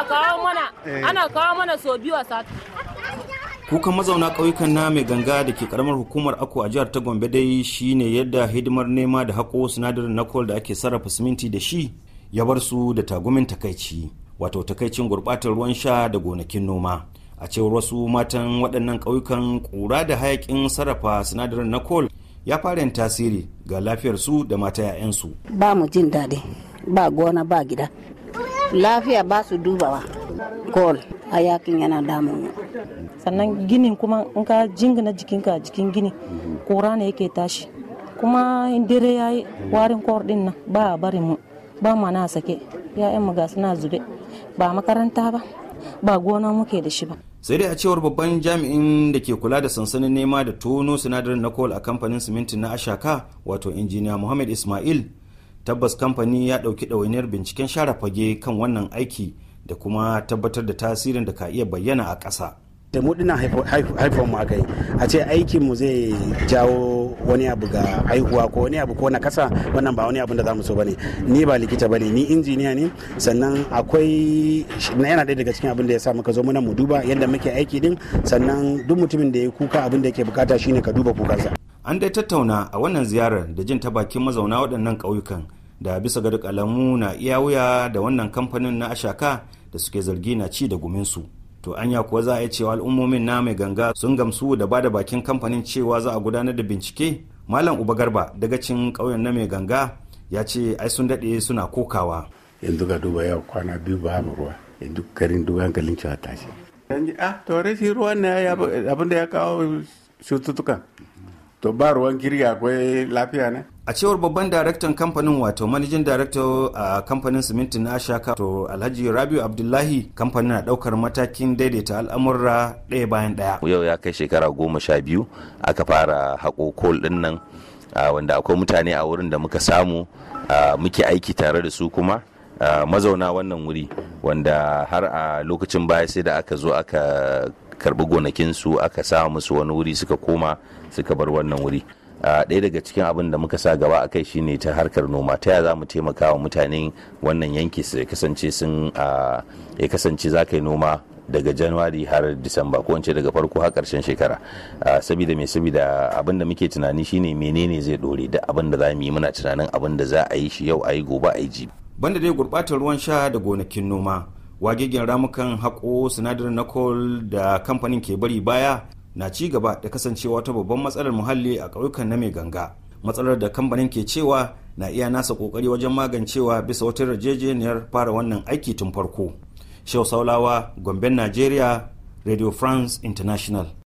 Eh. ana kawo mana ana kawo mana so biyu a sati kukan mazauna ƙauyukan na mai ganga da ke karamar hukumar ako a jihar ta gombe dai shine yadda hidimar nema da haƙo sinadarin na da ake sarrafa siminti da shi ya bar su da tagumin takaici wato takaicin gurɓatar ruwan sha da gonakin noma a cewar wasu matan waɗannan ƙauyukan ƙura da hayakin sarrafa sinadarin na ya fara yin tasiri ga lafiyarsu da mata 'ya'yansu. Ba mu jin daɗi, ba gona ba gida. lafiya ba su dubawa kol a yakin yana damun sannan ginin kuma in ka jingina jikinka jikin gini kura ne yake tashi kuma in dare ya yi warin kor din nan ba a bari mu ba ma na sake ya'yan mu ga suna zube ba makaranta ba ba gona muke da shi ba sai dai a cewar babban jami'in da ke kula da sansanin nema da tono sinadarin na kol a kamfanin siminti na ashaka wato injiniya muhammad ismail tabbas kamfani ya ɗauki ɗawainiyar binciken share fage kan wannan aiki da kuma tabbatar da tasirin da ka iya bayyana a ƙasa da mu dina haifon mu yi a ce aikin mu zai jawo wani abu ga haihuwa ko wani abu ko na kasa wannan ba wani abu da zamu so bane ni ba likita bane ni injiniya ne sannan akwai na yana ɗaya daga cikin abin da ya sa muka zo muna mu duba yadda muke aiki din sannan duk mutumin da ya kuka abin da yake bukata shine ka duba kukansa an dai tattauna a wannan ziyarar da jin ta bakin mazauna waɗannan ƙauyukan da bisa ga duk alamu na iya wuya da wannan kamfanin na ashaka da suke zargi na ci da guminsu to anya kuwa za a yi cewa al'ummomin na mai ganga sun gamsu da ba da bakin kamfanin cewa za a gudanar da bincike malam uba garba daga cin ƙauyen na mai ganga ya ce ai sun daɗe suna kokawa yanzu ga duba yau kwana biyu ba mu ruwa yanzu karin duba hankalin cewa tashi ah to rashin ruwan ne abin da ya kawo cututtukan to ba ruwan kirya akwai lafiya ne a cewar babban daraktan kamfanin wato manajan darakta a kamfanin siminti na ashaka to alhaji rabiu abdullahi kamfanin na daukar matakin daidaita al'amurra ɗaya bayan ɗaya yau ya kai shekara goma sha biyu aka fara haƙo kol ɗin nan wanda akwai mutane a wurin da muka samu muke aiki tare da su kuma mazauna wannan wuri wanda har a lokacin baya sai da aka zo aka karbi gonakinsu aka sa musu wani wuri suka koma suka bar wannan wuri ɗaya daga cikin abin da muka sa gaba a kai shine ta harkar noma ta yaya za mu taimaka wa mutane wannan yanki su kasance sun ya kasance za ka yi noma daga januwari har disamba ko wance daga farko har karshen shekara saboda mai saboda abin da muke tunani shine menene zai dore da abin da za mu yi muna tunanin abin da za a yi shi yau a yi gobe a yi jibi banda dai gurbatar ruwan sha da gonakin noma wagegen ramukan haƙo sinadarin na da kamfanin ke bari baya na ci gaba da kasancewa ta babban matsalar muhalli a ƙauyukan na mai ganga matsalar da kamfanin ke cewa na iya nasa ƙoƙari wajen magancewa bisa wata yarjejeniyar fara wannan aiki tun farko shau saulawa gomben najeriya radio france international